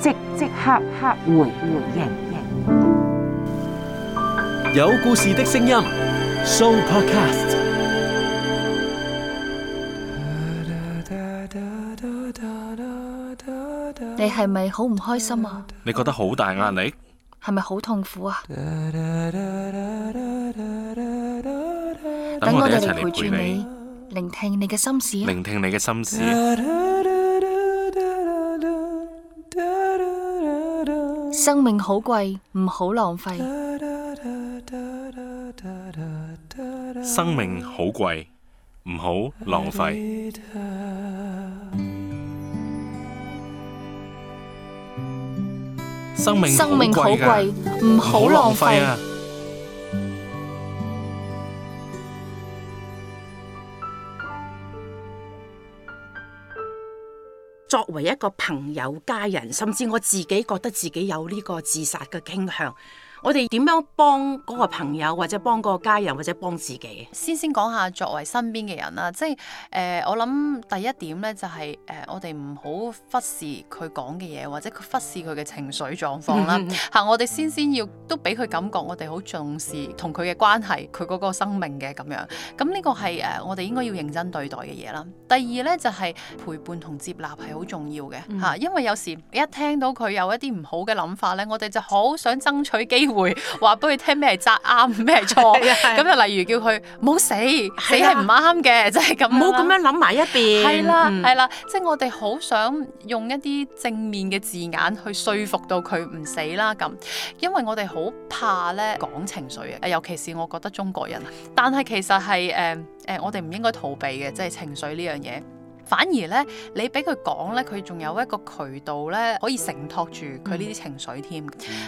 即即刻刻回回應，有故事的聲音，Sooo Podcast。你係咪好唔開心啊？你覺得好大壓力？係咪好痛苦啊？等我哋一齊嚟陪住你，聆聽你嘅心事，聆聽你嘅心事。生命好貴，唔好浪費。生命，啊、生命好貴，唔好浪費。生命好貴，唔好浪費啊！作為一個朋友、家人，甚至我自己覺得自己有呢個自殺嘅傾向。我哋點樣幫嗰個朋友，或者幫個家人，或者幫自己？先先講下作為身邊嘅人啦，即係誒、呃、我諗第一點咧就係、是、誒、呃、我哋唔好忽視佢講嘅嘢，或者佢忽視佢嘅情緒狀況啦。吓、 啊，我哋先先要都俾佢感覺，我哋好重視同佢嘅關係，佢嗰個生命嘅咁樣，咁呢個係誒、啊、我哋應該要認真對待嘅嘢啦。第二咧就係、是、陪伴同接納係好重要嘅吓、啊，因為有時一聽到佢有一啲唔好嘅諗法咧，我哋就好想爭取機會。會話俾佢聽咩係紮啱，咩係錯嘅，咁就 的例如叫佢唔好死，的死係唔啱嘅，即係咁，唔好咁樣諗埋一邊，係啦的，係啦、嗯，即係、就是、我哋好想用一啲正面嘅字眼去說服到佢唔死啦，咁，因為我哋好怕咧講情緒啊，尤其是我覺得中國人，但係其實係誒誒，我哋唔應該逃避嘅，即、就、係、是、情緒呢樣嘢。反而咧，你俾佢講咧，佢仲有一個渠道咧，可以承托住佢呢啲情緒添。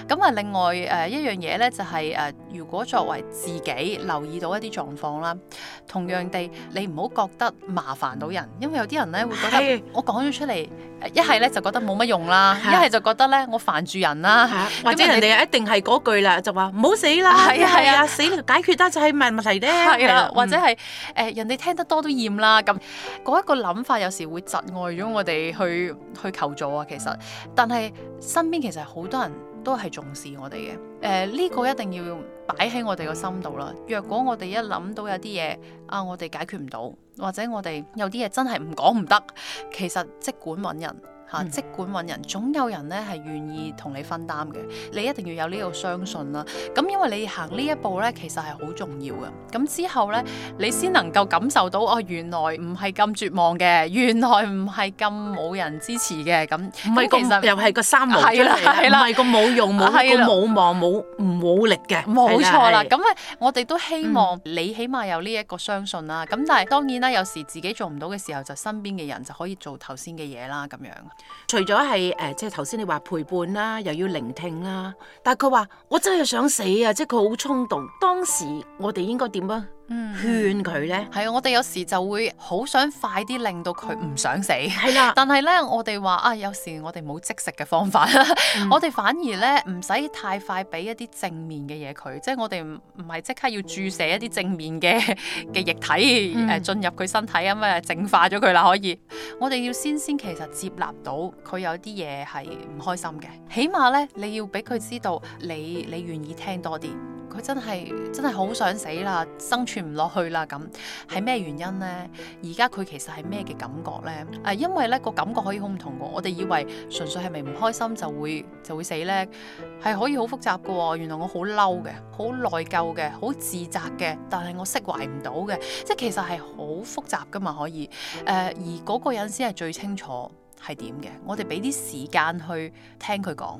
咁啊、嗯，另外誒一樣嘢咧，就係、是、誒，如果作為自己留意到一啲狀況啦，同樣地，你唔好覺得麻煩到人，因為有啲人咧會覺得、啊、我講咗出嚟，一係咧就覺得冇乜用啦，一係就覺得咧我煩住人啦、啊，或者，你或者人哋一定係嗰句啦，就話唔好死啦，係啊係啊，啊，死解決得就係咪問題咧？啊啊、或者係誒、呃、人哋聽得多都厭啦，咁嗰一個諗法有時會窒礙咗我哋去去求助啊，其實，但係身邊其實好多人都係重視我哋嘅，誒呢個一定要擺喺我哋個心度啦。若果我哋一諗到有啲嘢啊，我哋解決唔到，或者我哋有啲嘢真係唔講唔得，其實即管揾人。即管揾人，總有人咧係願意同你分擔嘅。你一定要有呢個相信啦。咁因為你行呢一步咧，其實係好重要嘅。咁之後咧，你先能夠感受到哦，原來唔係咁絕望嘅，原來唔係咁冇人支持嘅。咁唔係又係個三無，係啦係啦，係個冇用，冇冇望，冇冇力嘅。冇錯啦。咁啊，我哋都希望你起碼有呢一個相信啦。咁但係當然啦，有時自己做唔到嘅時候，就身邊嘅人就可以做頭先嘅嘢啦。咁樣。除咗係誒，即係頭先你話陪伴啦，又要聆聽啦，但係佢話我真係想死啊！即係佢好衝動，當時我哋應該點啊？嗯，勸佢咧，係啊，我哋有時就會好想快啲令到佢唔想死，係啦的。但係咧，我哋話啊，有時我哋冇即食嘅方法、嗯、 我哋反而咧，唔使太快俾一啲正面嘅嘢佢，即、就、係、是、我哋唔唔係即刻要注射一啲正面嘅嘅液體誒、嗯、進入佢身體吖嘛，淨化咗佢啦，可以。我哋要先先其實接納到佢有啲嘢係唔開心嘅，起碼咧，你要俾佢知道你你願意聽多啲。佢真係真係好想死啦，生存唔落去啦咁，係咩原因呢？而家佢其實係咩嘅感覺呢？誒、呃，因為呢、呢個感覺可以好唔同嘅。我哋以為純粹係咪唔開心就會就會死呢？係可以好複雜嘅喎、哦。原來我好嬲嘅，好內疚嘅，好自責嘅，但係我釋懷唔到嘅。即係其實係好複雜嘅嘛，可以誒、呃。而嗰個人先係最清楚係點嘅。我哋俾啲時間去聽佢講，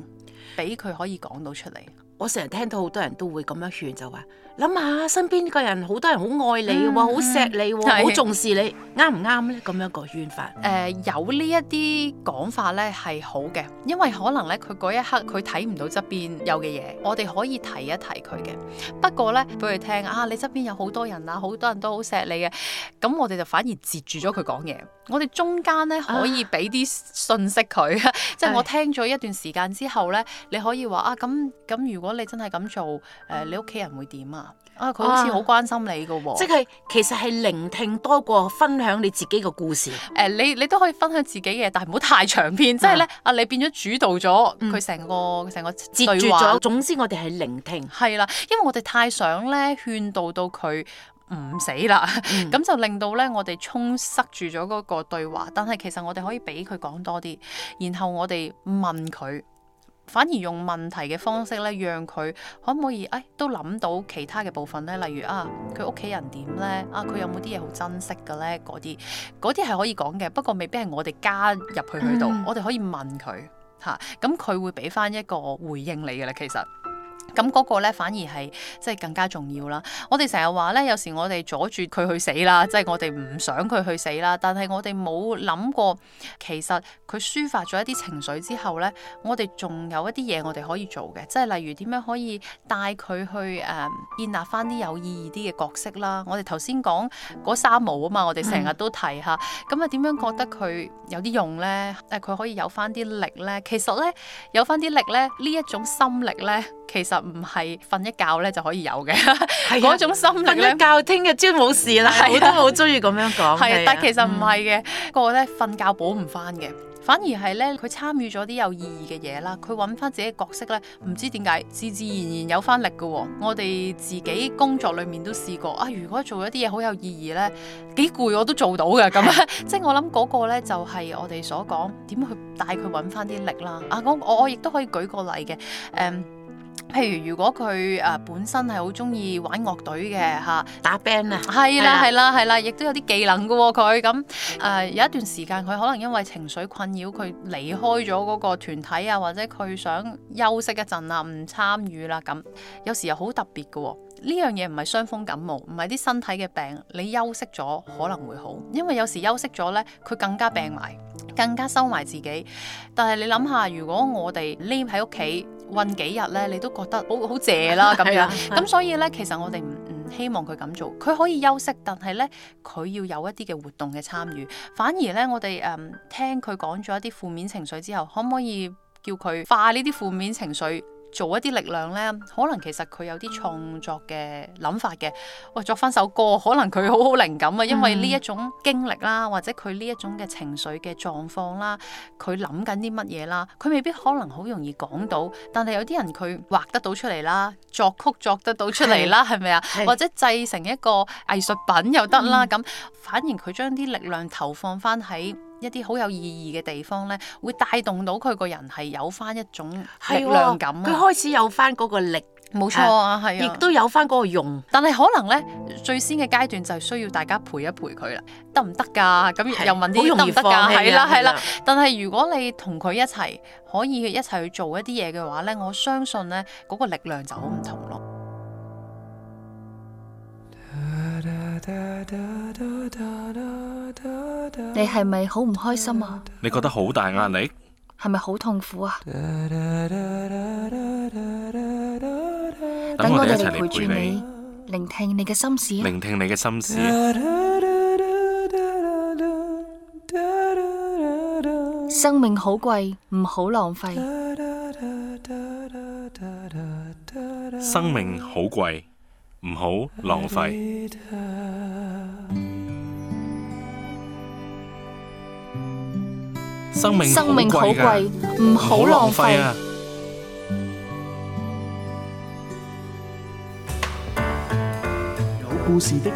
俾佢可以講到出嚟。我成日聽到好多人都會咁樣勸，就話諗下身邊個人，好多人好愛你喎，好錫、嗯、你好是重視你，啱唔啱咧？咁樣一個勸、呃、法，誒有呢一啲講法咧係好嘅，因為可能咧佢嗰一刻佢睇唔到側邊有嘅嘢，我哋可以提一提佢嘅。不過咧，俾佢聽啊，你側邊有好多人啊，好多人都好錫你嘅，咁我哋就反而截住咗佢講嘢。我哋中間咧可以俾啲信息佢，啊、即係我聽咗一段時間之後咧，唉你可以話啊，咁咁如果你真係咁做，誒、嗯呃、你屋企人會點啊？啊，佢好似好關心你㗎喎、啊。即係其實係聆聽多過分享你自己嘅故事。誒、呃，你你都可以分享自己嘅，但係唔好太長篇。即係咧，啊、嗯，你變咗主導咗佢成個成、嗯、個截住咗。總之，我哋係聆聽。係啦，因為我哋太想咧勸導到佢。唔死啦，咁 就令到咧，我哋充塞住咗嗰個對話。但係其實我哋可以俾佢講多啲，然後我哋問佢，反而用問題嘅方式咧，讓佢可唔可以誒都諗到其他嘅部分咧，例如啊，佢屋企人點咧，啊佢有冇啲嘢，好珍惜嘅咧，嗰啲嗰啲係可以講嘅，不過未必係我哋加入去佢度， 我哋可以問佢吓，咁、啊、佢會俾翻一個回應你嘅啦，其實。咁嗰個咧反而係即係更加重要啦。我哋成日話咧，有時我哋阻住佢去死啦，即係我哋唔想佢去死啦。但係我哋冇諗過，其實佢抒發咗一啲情緒之後咧，我哋仲有一啲嘢我哋可以做嘅，即係例如點樣可以帶佢去誒建立翻啲有意義啲嘅角色啦。我哋頭先講嗰三毛啊嘛，我哋成日都提下咁啊點樣覺得佢有啲用咧？誒，佢可以有翻啲力咧？其實咧，有翻啲力咧，呢一種心力咧，其實～唔係瞓一覺咧就可以有嘅嗰 種心態，瞓一覺聽日真冇事啦、 啊。我都好中意咁樣講，係 但其實唔係嘅。嗯、個咧瞓覺補唔翻嘅，反而係咧佢參與咗啲有意義嘅嘢啦。佢揾翻自己角色咧，唔知點解自自然然有翻力嘅。我哋自己工作裏面都試過啊。如果做一啲嘢好有意義咧，幾攰我都做到嘅咁。即係我諗嗰個咧就係我哋所講點去帶佢揾翻啲力啦、啊。啊，我我亦都可以舉個例嘅誒。嗯啊 譬如如果佢誒、呃、本身係好中意玩樂隊嘅嚇，打 band 啊，係、啊、啦係、啊、啦係啦，亦都有啲技能嘅喎，佢咁，誒有一段時間佢可能因為情緒困擾，佢離開咗嗰個團體啊，或者佢想休息一陣啊，唔參與啦咁，有時又好特別嘅喎，呢樣嘢唔係傷風感冒，唔係啲身體嘅病，你休息咗可能會好，因為有時休息咗呢，佢更加病埋，更加收埋自己。但係你諗下，如果我哋匿喺屋企。困幾日咧，你都覺得好好謝啦咁樣咁， 的所以咧，其實我哋唔唔希望佢咁做。佢可以休息，但係咧佢要有一啲嘅活動嘅參與。反而咧，我哋誒、嗯、聽佢講咗一啲負面情緒之後，可唔可以叫佢化呢啲負面情緒？做一啲力量咧，可能其實，佢有啲創作嘅諗法嘅，哇作翻首歌，可能佢好好靈感啊，因為呢一種經歷啦，嗯、或者佢呢一種嘅情緒嘅狀況啦，佢諗緊啲乜嘢啦，佢未必可能好容易講到，但係有啲人佢畫得到出嚟啦，作曲作得到出嚟啦，係咪啊？吧是或者製成一個藝術品又得啦，咁、嗯嗯、反而佢將啲力量投放翻喺。一啲好有意義嘅地方咧，會帶動到佢個人係有翻一種力量感，啊，佢、啊、開始有翻嗰個力，冇錯啊，係啊，亦都有翻嗰個用。但係可能咧，最先嘅階段就係需要大家陪一陪佢啦，得唔得噶？咁又問啲得唔得噶？係啦係啦。但係如果你同佢一齊可以一齊去做一啲嘢嘅話咧，我相信咧嗰、嗰個力量就好唔同咯。 你係咪好唔開心啊？你覺得好大壓力？係咪好痛苦啊？等我哋一齊嚟陪住你，聆聽你嘅心事。聆聽你嘅心事。生命好貴，唔好浪費。生命好貴，唔好浪費。生命好貴㗎，唔好浪費啊！有故事的